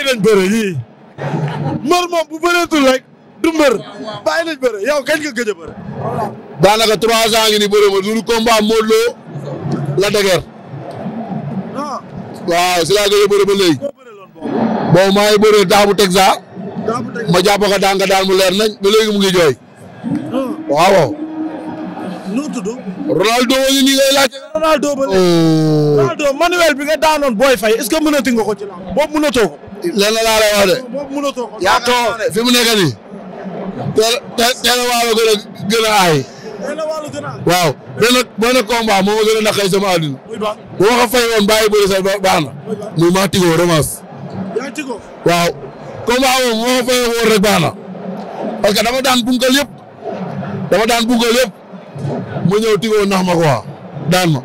bàyyi nañ bëre yii mbër moom bu bëreetul rek du mbër bàyyi nañ bëre yow kañ nga gëj a bëre. daanaka trois ans ngi ni bëre ma dul combat Modou Lo la dëgër. waaw si laa gëj a bëre daan nga daan mu leer nañ ba léegi mu ngi jooy. nu tudd. Ronaldo ñu ni ngay laaj. Ronaldo ba oh. bi nga daanoon Boy Faye est ce que mënati ko ci boobu mënatoo ko. lenn laa lay wax de. yaa too fi mu nekk nii. teel teel a waalo gën aay. waaw benn benn combat moo gën a naqari sama àdduna. bu fay woon bàyyi bëri sa muy maa tigoo remas. waaw combat moom moo ma fay woon rek baax na. dama daan bungal yëpp. dama daan bungal yëpp. ma ñëw tigoo nax ma quoi daan ma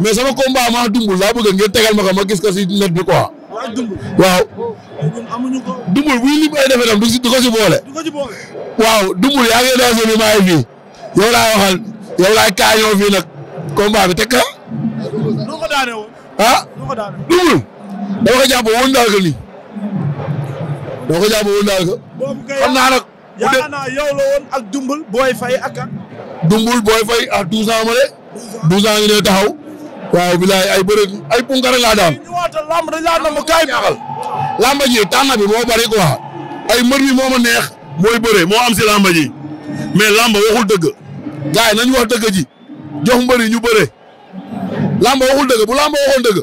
mais sama combat maa dumbul laa bëgg ngeen tegal ma ko ma gis ko si net bi quoi. waaw. dumbul buy lim ay defetam du si boole. waaw dumbul yaa ngi doon seen maa ngi fii yow laa waxal kaañoo fii nag combat bi teg ka. ah dumbul. dama ko jàpp woon daal ko nii. dama ko jàpp woon daal ko. xam naa nag. yaakaar naa yow dumbul booy fay ak dumbul booy fay à ah, douze ma de douze ngi ne taxaw waaw bilaay ay bëre ay punkare laa daan lamb dañ laa nam kaay ñaaxal lamba ji tànn bi moo bari quoi ay mbër mi moo ma neex mooy bëre moo am si lamba ji mais lamba waxul dëgg gars yi nañu wax dëgg ji jox mbër yi ñu bëre lamba waxul dëgg bu lamba waxoon dëgg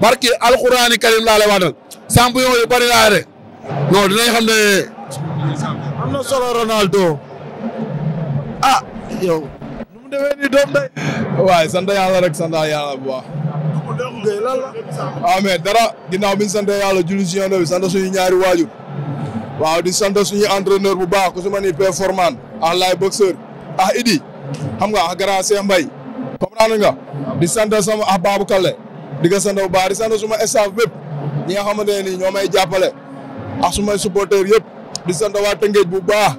barki alxuraani karim laa lay waatal champion yi bari laa rek yow. nu mu waaye sant yàlla rek sant yàlla bu baax. waaw dara ginnaaw bi ñu sant yàlla julli si yoon bi sant suñu ñaari waajur. waaw di sant suñu entraîneur bu baax ku su ma ni performant ah laay boxeur ah Idi xam nga ah grand Cheikh Mbaye comprendre di sant sama ah Babou Kalle di ga sant bu baax di sant suma staff bépp ñi nga xamante ne nii ñoo may jàppale ak ah, sumay supporteurs yëpp di sant waa Tëngéej bu baax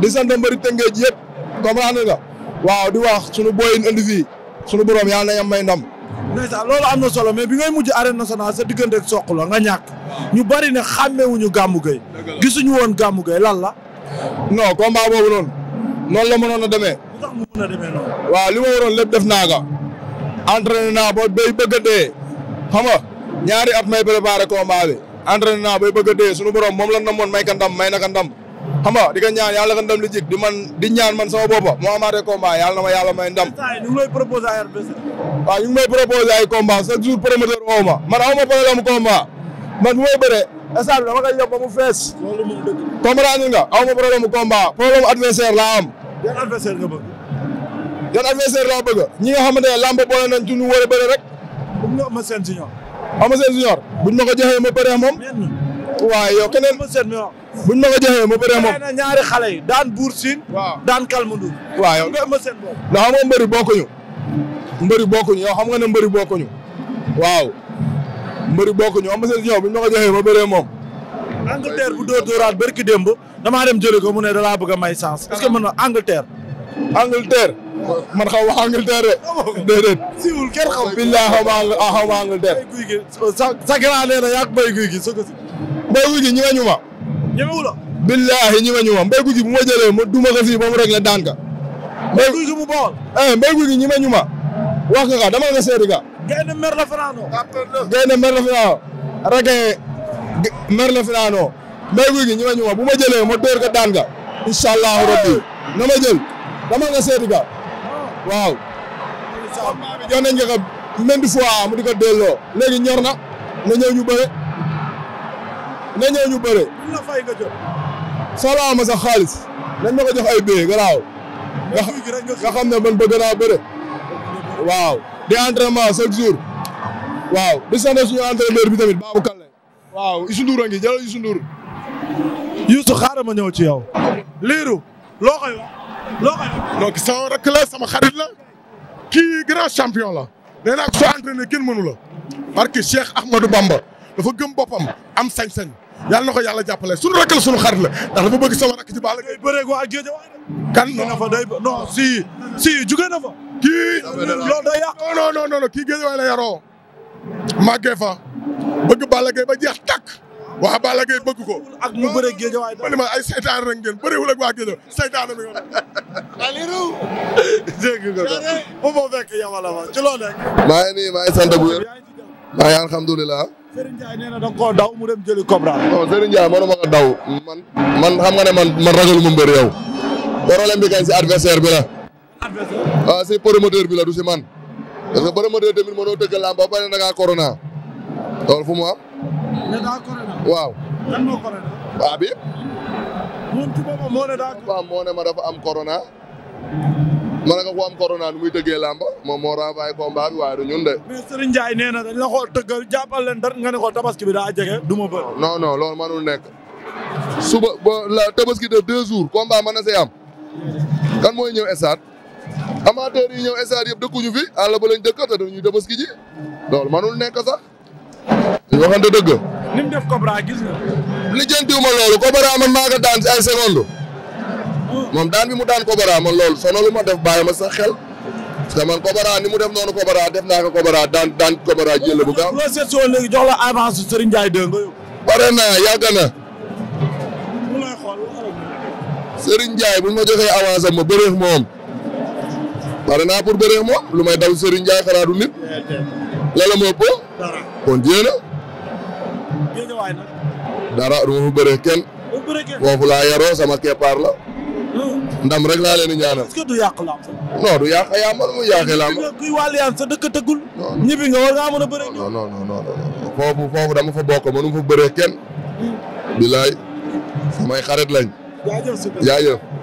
di sant mbëri Tëngéej yëpp comprendre nga waaw di wax sunu booy yi indi fii sunu borom yàlla nañ am may ndam. ndeysaan loolu am na solo mais bi ngay mujj arène nationale sa diggante ak soq la nga ñàkk. ñu bari ne xàmmewuñu gàmmu gay gisuñu woon gàmmu gay lan la. non combat boobu noonu. noonu la mënoon a demee. lu waaw li ma waroon lépp def naa ko. entraîné naa ba bay bëgg a dee. xam nga ñaari at may préparé combat bi. entraîné naa bay bëgg a dee sunu borom moom la namoon may kandam ndam may na kandam xam nga di ko ñaan yàlla ko di man di ñaan man sama boppa moo amaatee combat yàlla na ma yàlla may ndam. ñu ngi may proposé ay RBC. waaw ñu ngi may proposé ay combat chaque jour promoteur ma man aw ma problème combat ba mu fees. loolu moom dëgg la. comprendre nga aw ma problème combat am. yan adversaire nga bëgg. ñi nga xamante ne làmb boole nañ ci ñu war a bëri rek. bu ñu Eumeu buñ ma ko joxee ma bëree moom na ñaari xale yi daan buur siin waaw daan kalmandu waaw yow nga ëma seen bopp ndax xam nga mbëri bokkuñu mbëri bokkuñu yow xam nga ne mbëri bokkuñu waaw mbëri bokkuñu ëma seen ñëw buñ ma ko joxee ma bëree moom Angleterre bu dóor dóoraat barki démb damaa dem jëli ko mu ne dalaa bëgg a may sens est-ce que mën na Angleterre Angleterre man xaw ma Angleterre de déedéet siwul kenn xaw billaa xaw ma ah, xaw ma Angleterre sa grand nee na yàq béy guy gi sëgg si béy guy gi ñi nga ñu ma ñemewu la. billaahi ñi ma ñu ma gi bu ma jëlee ma duma ko ba mu rek la daan ka. mbéy gi mu bool. Eh, mbéy gu gi ñi ma ka dama nga seeti ka. gaynde mer la fanaanoo. gaynde mer la fanaanoo. ragee gi ñi bu ma jëlee ma dóor ka daan ka. incha na ma jël dama nga seeti ka. waaw. incha allah jox nañ nga ko mu di ko delloo léegi ñor na nga ñëw nga ñëw ñu bëre. buñ la fay nga jot. soxlaa ma sax xaalis. nañ ma ko jox ay billets xam ne man bëgg naa bëre. waaw di entraînement chaque jour. waaw di sant suñu entraîneur bi tamit Babou Kalle. waaw Youssou Ndour a ngi jëlal Youssou Ndour. Youssou ma ñëw ci yow. Lirou loo koy wax loo sama rakk la sama xarit la. kii grand champion la. nee naa ko soo entraîné kenn mënu la. parce que Cheikh Ahmadou Bamba dafa gëm boppam am sañ-sañ. yàlla na ko yàlla jàppale suñu rakk sunu suñu xarit la ndax dafa bëgg sama rakk ci Balla Gaye bëree ko ak géej waay kan non fa day na fa kii loolu day yàq non non non kii géej waay la yaroo màggee fa bëgg Balla Gaye ba jeex takk waa Balla Gaye bëgg ko ak ñu ma ne ay saytaan rek ngeen bëriwul ak waa géej waay saytaan mi aliru dégg nga ko bu ma fekk yamala fa ci loo nekk maa ngi nii maa ngi sant bu wér Serigne Ndiaye nee na ko daw man man nga ne man man ragal mu bi kañ si adversaire bi la. adversaire ah si promoteur bi la du si man parce que promoteur tamit mënoo tëgg lamb ba pare da ngaa corona fu mu am. waaw. lan moo corona. waa bi. ma dafa am corona. ma ne ko ku am nu muy tëggee làmba moom moo renvoyé combat bi waaye du ñun de. mais Serigne Ndiaye na dañ la ko tëggal jàppal leen dara nga ne ko tabaski bi daa jege du ma bëri. non non loolu mënul nekk suba ba la tabaski de deux jours combat mën na see am kan mooy ñëw stade amateurs yi ñëw stade yëpp dëkkuñu fi àll ba lañ dëkk te duñu tabaski ji loolu mënul nekk sax. waxante dëgg. ni mu def Cobra gis nga. lijjantiwuma loolu Cobra man maa ko daan ay secondes. moom daan bi mu daan Kobara man loolu sonalu ma def bàyyi ma sax xel. parce que man Kobara ni mu def noonu Kobara def naa ko Kobara daan daan Kobara jël bu gaaw. loolu seet soo léegi jox la avance Serigne Ndiaye dégg na yàgg na. ma joxee avance am ma moom. pare naa pour bëreex moom lu may daw Serigne Ndiaye xanaa nit. lala ma ëpp. kon jéem a. dara du ma fa bëreex kenn. foofu laa sama keppaar la. ndam rek laa leen di ñaanal. du yàq lamb. non du yàq yaa man mu yàqee lamb. kuy wàllu yaan sa dëkk tëggul. ñibbi nga war ngaa mën a bëree. non non non non foofu foofu dama fa bokk mënu ma fa bëree kenn. Hmm. bilaay samay xarit lañ. jaajëf